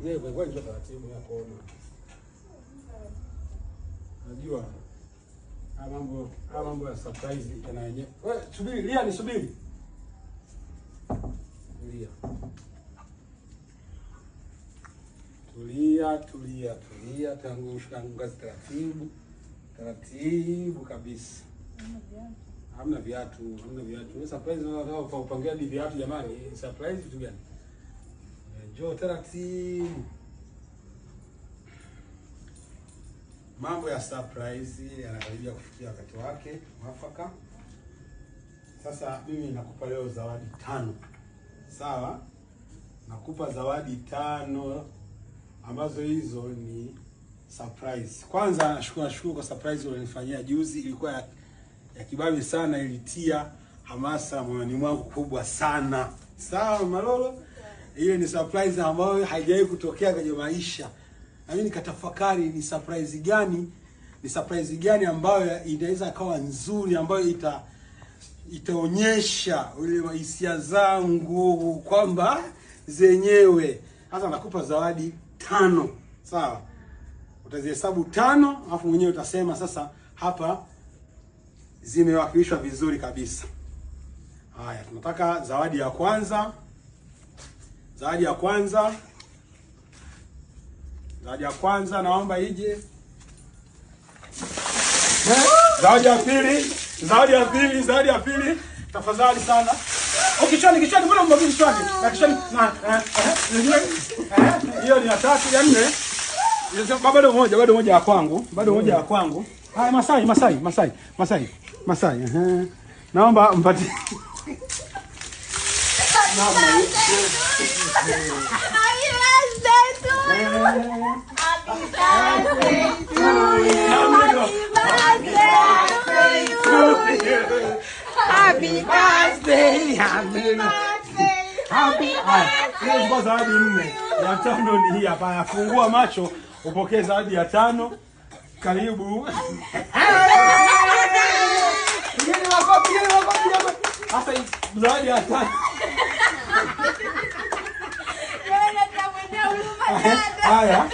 Mzee kwa njoo taratibu ya kuona. Najua haya mambo haya mambo ya surprise yana yenyewe. Wewe subiri, Lia ni subiri. Lia. Tulia, tulia, tulia, tanguka ngazi taratibu. Taratibu kabisa. Hamna viatu, hamna viatu. Surprise unataka kupangia viatu jamani? Surprise vitu gani? Njoo Mambo ya surprise yanakaribia kufikia wakati wake mwafaka. Sasa mimi nakupa leo zawadi tano, sawa? Nakupa zawadi tano ambazo hizo ni surprise. Kwanza nashukuru, nashukuru kwa surprise ulionifanyia juzi, ilikuwa ya, ya kibabi sana, ilitia hamasa moyoni mwangu kubwa sana, sawa Malolo. Ile ni surprise ambayo haijawahi kutokea kwenye maisha, mimi nikatafakari ni surprise gani, ni surprise gani ambayo inaweza kawa nzuri, ambayo ita itaonyesha ile hisia zangu kwamba zenyewe. Sasa nakupa zawadi tano, sawa? Utazihesabu tano, alafu mwenyewe utasema sasa hapa zimewakilishwa vizuri kabisa. Haya, tunataka zawadi ya kwanza zawadi ya kwanza, zawadi ya kwanza naomba ije. Zawadi ya pili, zawadi ya pili, zawadi ya pili, tafadhali sana. Oh, kichwani, kichwani, mbona mbona kichwani? Na kichwani na eh, eh, eh. hiyo ni ya tatu, ya nne. Bado moja, bado moja ya kwangu, bado moja ya kwangu. Haya, Masai, Masai, Masai, Masai, Masai. Naomba mpatie Happy birthday, happy birthday. Happy birthday. Hiyo zawadi nne. Ya tano ni hii hapa. Yafungua macho upokee zawadi ya tano. Karibu. zawadi ya tano. Eh, haya,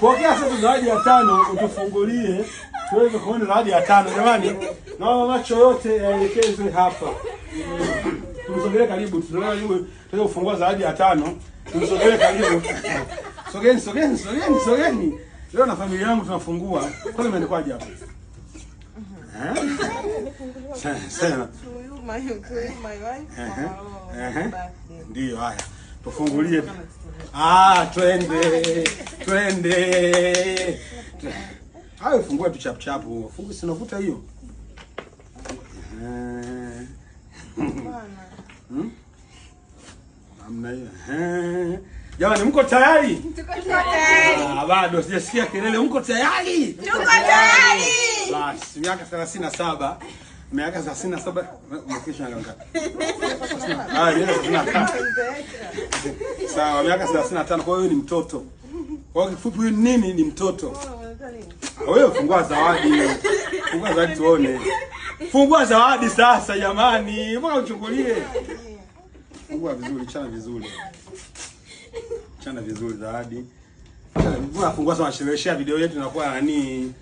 pokea sasa zawadi ya tano, utufungulie tuweze kuona zawadi ya tano. Jamani, naomba macho yote yaelekezwe hapa. Tumsogelee karibu, tunaona yule tuweze kufungua zawadi ya tano. Tumsogelee karibu. Sogeni, sogeni, sogeni, sogeni. Leo na familia yangu tunafungua. Kwani nini imeandikwaje hapa? Eh? Ndio, haya tufungulie. Ah, twende twende. Hayo fungua tu chap chap huo. Fungu sinavuta hiyo. Hmm? Amna hiyo. Jamani mko tayari? Tuko tayari. Ah, bado sijasikia kelele. Mko tayari? Tuko tayari. Basi miaka 37 miaka 37 mkisha nganga. Ah, miaka 35. Sawa, miaka 35 kwa hiyo ni mtoto. Kwa kifupi huyu nini ni mtoto? Ah, wewe fungua zawadi. Fungua zawadi tuone. Fungua zawadi sasa jamani. Mbona uchungulie? Fungua vizuri, chana vizuri. Chana vizuri zawadi. Mbona fungua sasa, sherehesha video yetu inakuwa nani?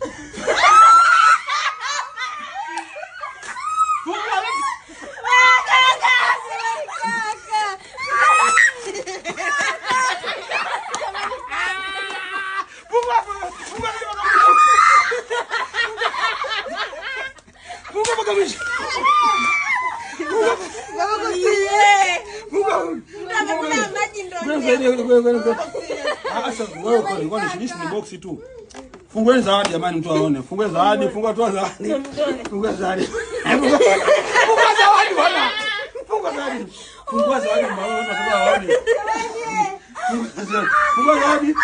ni boksi tu. Fungueni zawadi jamani, mtu aone. Fungua zawadi, fungua tu zawadi. Fungua zawadi. Fungua zawadi bwana. Fungua zawadi. Fungua zawadi maana unataka zawadi. Fungua zawadi.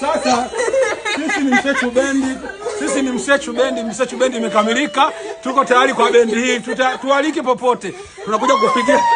Sasa sisi ni Msechu Bendi. Sisi ni Msechu Bendi, Msechu Bendi imekamilika. Tuko tayari kwa bendi hii. tuwalike popote. Tunakuja kupigia